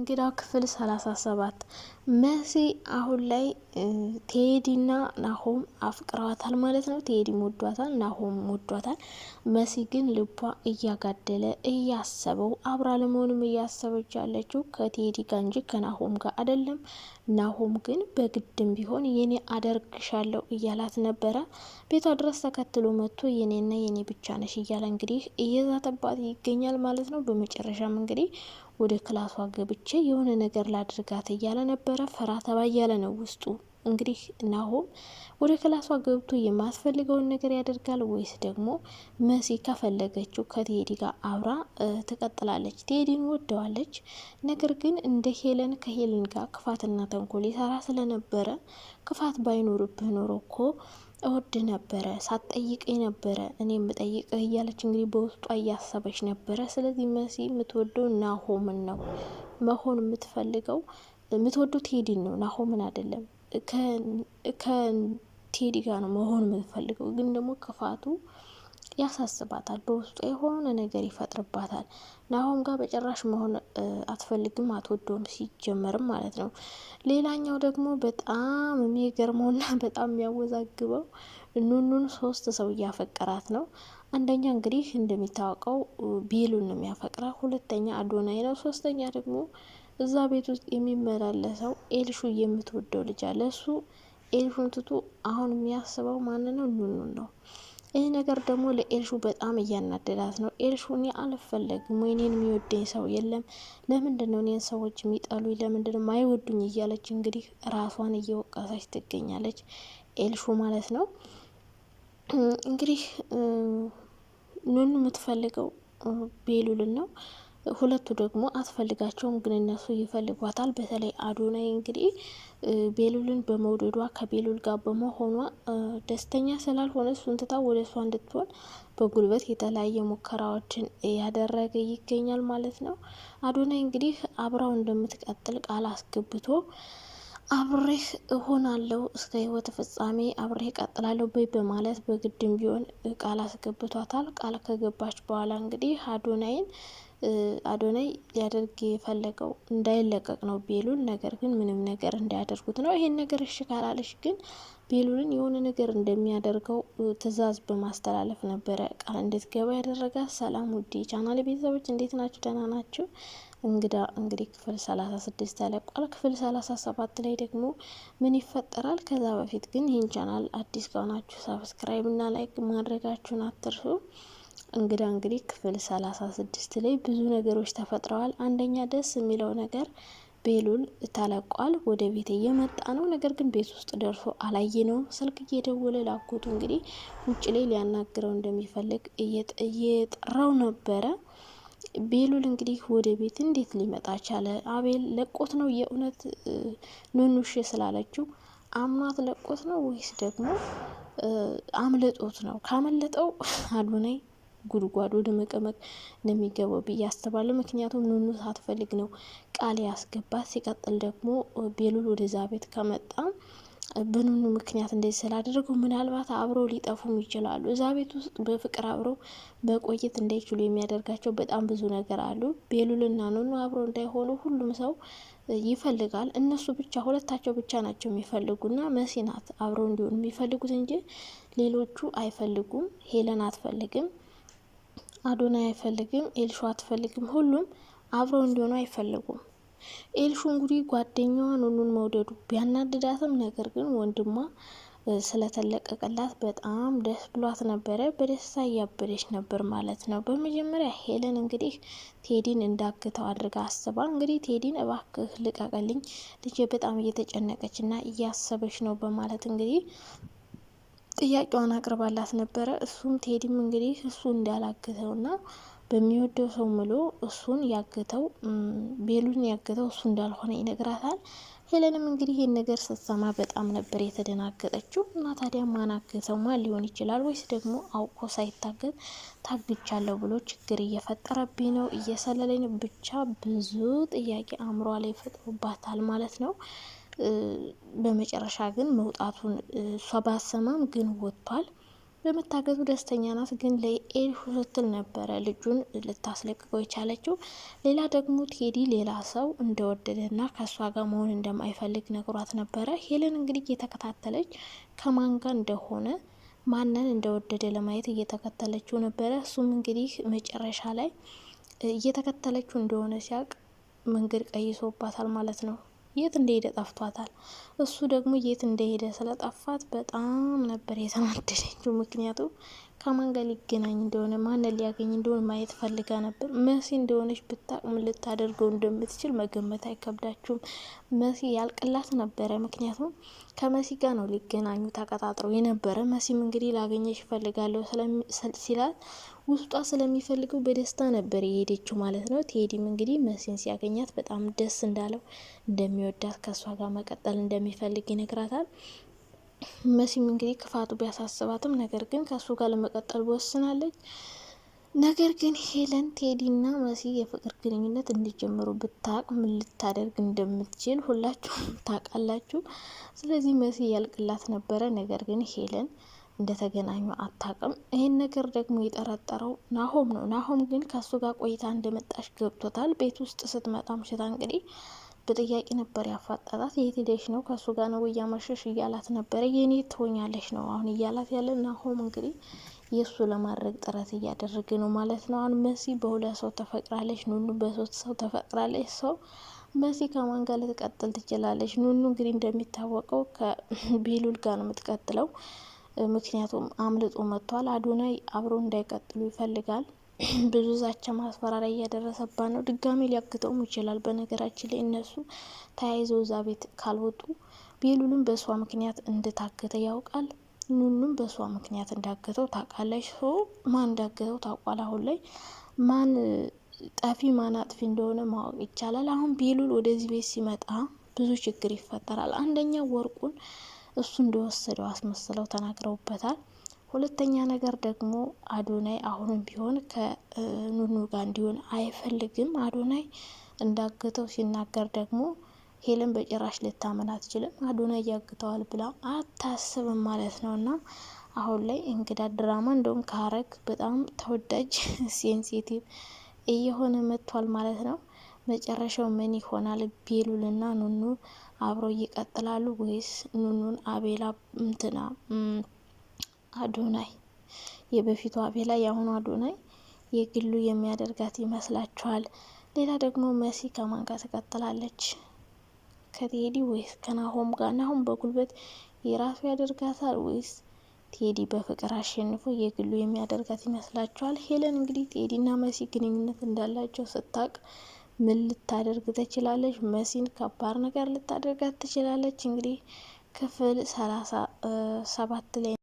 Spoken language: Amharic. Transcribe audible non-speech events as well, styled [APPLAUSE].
እንግዳው ክፍል 37 መሲ አሁን ላይ ቴዲና ናሆም አፍቅረዋታል ማለት ነው። ቴዲ ወዷታል፣ ናሆም ወዷታል። መሲ ግን ልቧ እያጋደለ እያሰበው አብራ ለመሆንም እያሰበች ያለችው ከቴዲ ጋር እንጂ ከናሆም ጋር አይደለም። ናሆም ግን በግድም ቢሆን የኔ አደርግሻለሁ እያላት ነበረ። ቤቷ ድረስ ተከትሎ መጥቶ የኔና የኔ ብቻ ነሽ እያለ እንግዲህ እየዛተባት ይገኛል ማለት ነው። በመጨረሻም እንግዲህ ወደ ክላሷ ገብች ገብቼ የሆነ ነገር ላድርጋት እያለ ነበረ። ፈራ ተባ እያለ ነው ውስጡ። እንግዲህ ናሆም ወደ ክላሷ ገብቶ የማስፈልገውን ነገር ያደርጋል ወይስ ደግሞ መሲ ከፈለገችው ከቴዲ ጋር አብራ ትቀጥላለች? ቴዲን ወደዋለች። ነገር ግን እንደ ሄለን ከሄለን ጋር ክፋትና ተንኮል የሰራ ስለነበረ ክፋት ባይኖርብህ ኖሮ እኮ እወድ ነበረ ሳትጠይቅ ነበረ እኔ የምጠይቅህ እያለች እንግዲህ በውስጧ እያሰበች ነበረ። ስለዚህ መሲ የምትወደው ናሆምን ነው። መሆን የምትፈልገው የምትወደው ቴዲን ነው፣ ናሆምን አይደለም። ከቴዲ ጋር ነው መሆን የምትፈልገው ግን ደግሞ ክፋቱ ያሳስባታል። በውስጡ የሆነ ነገር ይፈጥርባታል። ናሆም ጋር በጭራሽ መሆን አትፈልግም፣ አትወደውም ሲጀመርም ማለት ነው። ሌላኛው ደግሞ በጣም የሚገርመውና [LAUGHS] በጣም የሚያወዛግበው ኑኑን ሶስት ሰው እያፈቀራት ነው። አንደኛ እንግዲህ እንደሚታወቀው ቤሉን ነው የሚያፈቅራት፣ ሁለተኛ አዶናይ ነው፣ ሶስተኛ ደግሞ እዛ ቤት ውስጥ የሚመላለሰው ኤልሹ የምትወደው ልጅ አለ። እሱ ኤልሹን ትቶ አሁን የሚያስበው ማን ነው? ኑኑን ነው። ይህ ነገር ደግሞ ለኤልሹ በጣም እያናደዳት ነው። ኤልሹ እኔ አልፈለግም፣ ወይኔን የሚወደኝ ሰው የለም፣ ለምንድን ነው እኔን ሰዎች የሚጠሉ፣ ለምንድን ነው ማይወዱኝ? እያለች እንግዲህ ራሷን እየወቀሰች ትገኛለች፣ ኤልሹ ማለት ነው። እንግዲህ ኑኑ የምትፈልገው ቤሉልን ነው። ሁለቱ ደግሞ አትፈልጋቸውም፣ ግን እነሱ ይፈልጓታል። በተለይ አዶናይ እንግዲህ ቤሉልን በመውደዷ ከቤሉል ጋር በመሆኗ ደስተኛ ስላልሆነ እሱን ትታ ወደ እሷ እንድትሆን በጉልበት የተለያየ ሙከራዎችን ያደረገ ይገኛል ማለት ነው። አዶናይ እንግዲህ አብራው እንደምትቀጥል ቃል አስገብቶ አብሬህ እሆናለሁ እስከ ህይወት ፍጻሜ አብሬህ ቀጥላለሁ በይ በማለት በግድም ቢሆን ቃል አስገብቷታል። ቃል ከገባች በኋላ እንግዲህ አዶናይን አዶናይ ሊያደርግ የፈለገው እንዳይለቀቅ ነው ቤሉል። ነገር ግን ምንም ነገር እንዳያደርጉት ነው። ይሄን ነገር እሺ ካላለሽ ግን ቤሉልን የሆነ ነገር እንደሚያደርገው ትዕዛዝ በማስተላለፍ ነበረ ቃል እንድትገባ ያደረጋት። ሰላም ውዴ ቻናል ቤተሰቦች እንዴት ናችሁ? ደህና ናችሁ? እንግዳ እንግዲህ ክፍል ሰላሳ ስድስት ተለቋል። ክፍል ሰላሳ ሰባት ላይ ደግሞ ምን ይፈጠራል? ከዛ በፊት ግን ይህን ቻናል አዲስ ከሆናችሁ ሰብስክራይብ እና ላይክ ማድረጋችሁን አትርሱ። እንግዳ እንግዲህ ክፍል ሰላሳ ስድስት ላይ ብዙ ነገሮች ተፈጥረዋል። አንደኛ ደስ የሚለው ነገር ቤሉል ተለቋል። ወደ ቤት እየመጣ ነው። ነገር ግን ቤት ውስጥ ደርሶ አላየ ነው። ስልክ እየደወለ ላጎቱ እንግዲህ ውጭ ላይ ሊያናግረው እንደሚፈልግ እየጠራው ነበረ። ቤሉል እንግዲህ ወደ ቤት እንዴት ሊመጣ ቻለ? አቤል ለቆት ነው? የእውነት ኑኑሽ ስላለችው አምኗት ለቆት ነው ወይስ ደግሞ አምልጦት ነው? ካመለጠው አዱናይ ጉድጓድ ወደ መቀመቅ ነው የሚገባው ብዬ አስባለሁ። ምክንያቱም ኑኑ ሳትፈልግ ነው ቃል ያስገባት። ሲቀጥል ደግሞ ቤሉል ወደዛ ቤት ከመጣ በኑኑ ምክንያት እንደዚህ ስላደረገው ምናልባት አብረው ሊጠፉም ይችላሉ። እዛ ቤት ውስጥ በፍቅር አብረው በቆየት እንዳይችሉ የሚያደርጋቸው በጣም ብዙ ነገር አሉ። ቤሉልና ኑኑ አብረው እንዳይሆኑ ሁሉም ሰው ይፈልጋል። እነሱ ብቻ ሁለታቸው ብቻ ናቸው የሚፈልጉና መሲናት አብረው እንዲሆኑ የሚፈልጉት እንጂ ሌሎቹ አይፈልጉም። ሄለን አትፈልግም። አዶናይ አይፈልግም፣ ኤልሹ አትፈልግም። ሁሉም አብረው እንዲሆኑ አይፈልጉም። ኤልሹ እንግዲህ ጓደኛዋን ሁሉን መውደዱ ቢያናድዳትም ነገር ግን ወንድሟ ስለተለቀቀላት በጣም ደስ ብሏት ነበረ። በደስታ እያበደች ነበር ማለት ነው። በመጀመሪያ ሄለን እንግዲህ ቴዲን እንዳግተው አድርጋ አስባ እንግዲህ ቴዲን እባክህ ልቀቀልኝ፣ ልጄ በጣም እየተጨነቀች እና እያሰበች ነው በማለት እንግዲህ ጥያቄዋን አቅርባላት ነበረ። እሱም ቴዲም እንግዲህ እሱ ና በሚወደው ሰው ምሎ እሱን ያገተው ቤሉን ያገተው እሱ እንዳልሆነ ይነግራታል። ሄለንም እንግዲህ ይህን ነገር ስትሰማ በጣም ነበር የተደናገጠችው። እና ታዲያ ማናገተው ማን ሊሆን ይችላል? ወይስ ደግሞ አውቆ ሳይታገት ታግቻለሁ ብሎ ችግር እየፈጠረብኝ ነው እየሰለለኝ፣ ብቻ ብዙ ጥያቄ አእምሯ ላይ ፈጥሮባታል ማለት ነው። በመጨረሻ ግን መውጣቱን እሷ ባሰማም ግን ወጥቷል። በመታገቱ ደስተኛ ናት። ግን ለኤልሁ ስትል ነበረ ልጁን ልታስለቅቀው የቻለችው። ሌላ ደግሞ ቴዲ ሌላ ሰው እንደወደደና ከእሷ ጋር መሆን እንደማይፈልግ ነግሯት ነበረ። ሄለን እንግዲህ እየተከታተለች ከማን ጋር እንደሆነ ማንን እንደወደደ ለማየት እየተከተለችው ነበረ። እሱም እንግዲህ መጨረሻ ላይ እየተከተለችው እንደሆነ ሲያውቅ መንገድ ቀይሶባታል ማለት ነው። የት እንደሄደ ጠፍቷታል። እሱ ደግሞ የት እንደሄደ ስለጠፋት በጣም ነበር የተናደደችው። ምክንያቱም ከማን ጋር ሊገናኝ እንደሆነ ማንን ሊያገኝ እንደሆነ ማየት ፈልጋ ነበር። መሲ እንደሆነች ብታቅም ልታደርገው እንደምትችል መገመት አይከብዳችሁም። መሲ ያልቅላት ነበረ። ምክንያቱም ከመሲ ጋር ነው ሊገናኙ ተቀጣጥረው የነበረ። መሲም እንግዲህ ላገኘሽ እፈልጋለሁ ሲላት ውስጧ ስለሚፈልገው በደስታ ነበር የሄደችው ማለት ነው። ቴዲም እንግዲህ መሲን ሲያገኛት በጣም ደስ እንዳለው እንደሚወዳት ከእሷ ጋር መቀጠል እንደሚፈልግ ይነግራታል። መሲም እንግዲህ ክፋቱ ቢያሳስባትም ነገር ግን ከእሱ ጋር ለመቀጠል ወስናለች። ነገር ግን ሄለን ቴዲና መሲ የፍቅር ግንኙነት እንዲጀምሩ ብታቅ ምን ልታደርግ እንደምትችል ሁላችሁም [LAUGHS] ታውቃላችሁ። ስለዚህ መሲ ያልቅላት ነበረ። ነገር ግን ሄለን እንደተገናኙ አታቅም። ይህን ነገር ደግሞ የጠረጠረው ናሆም ነው። ናሆም ግን ከእሱ ጋር ቆይታ እንደመጣሽ ገብቶታል። ቤት ውስጥ ስትመጣ ምሽታ እንግዲህ በጥያቄ ነበር ያፋጣጣት። የት ሄደሽ ነው? ከእሱ ጋር ነው እያመሸሽ እያላት ነበረ። የኔ ትሆኛለሽ ነው አሁን እያላት ያለ ናሆም እንግዲህ የእሱ ለማድረግ ጥረት እያደረገ ነው ማለት ነው። አሁን መሲ በሁለት ሰው ተፈቅራለች፣ ኑኑ በሶስት ሰው ተፈቅራለች። ሰው መሲ ከማን ጋር ልትቀጥል ትችላለች? ኑኑ እንግዲህ እንደሚታወቀው ከቤሉል ጋር ነው የምትቀጥለው። ምክንያቱም አምልጦ መጥቷል። አዶናይ አብሮ እንዳይቀጥሉ ይፈልጋል። ብዙ ዛቻ ማስፈራሪያ እያደረሰባት ነው። ድጋሚ ሊያግተውም ይችላል። በነገራችን ላይ እነሱ ተያይዘው እዛ ቤት ካልወጡ ቤሉልም በእሷ ምክንያት እንደታገተ ያውቃል። ኑኑም በእሷ ምክንያት እንዳገተው ታውቃለች። ሰው ማን እንዳገተው ታውቋል። አሁን ላይ ማን ጠፊ ማን አጥፊ እንደሆነ ማወቅ ይቻላል። አሁን ቤሉል ወደዚህ ቤት ሲመጣ ብዙ ችግር ይፈጠራል። አንደኛ ወርቁን እሱ እንደወሰደው አስመስለው ተናግረውበታል። ሁለተኛ ነገር ደግሞ አዶናይ አሁንም ቢሆን ከኑኑ ጋር እንዲሆን አይፈልግም። አዶናይ እንዳገተው ሲናገር ደግሞ ሄለን በጭራሽ ልታመን አትችልም። አዶናይ ያግተዋል ብላ አታስብም ማለት ነው። እና አሁን ላይ እንግዳ ድራማ እንደውም ካረግ በጣም ተወዳጅ [LAUGHS] ሴንሲቲቭ እየሆነ መጥቷል ማለት ነው። መጨረሻው ምን ይሆናል? ቤሉልና ኑኑ አብረው ይቀጥላሉ ወይስ ኑኑን አቤላ እንትና አዶናይ የበፊቱ አቤላ የአሁኑ አዶናይ የግሉ የሚያደርጋት ይመስላችኋል? ሌላ ደግሞ መሲ ከማን ጋር ትቀጥላለች? ከቴዲ ወይስ ከናሆም ጋር? ናሆም በጉልበት የራሱ ያደርጋታል ወይስ ቴዲ በፍቅር አሸንፎ የግሉ የሚያደርጋት ይመስላችኋል? ሄለን እንግዲህ ቴዲና መሲ ግንኙነት እንዳላቸው ስታቅ ምን ልታደርግ ትችላለች? መሲን ከባድ ነገር ልታደርጋት ትችላለች። እንግዲህ ክፍል ሰላሳ ሰባት ላይ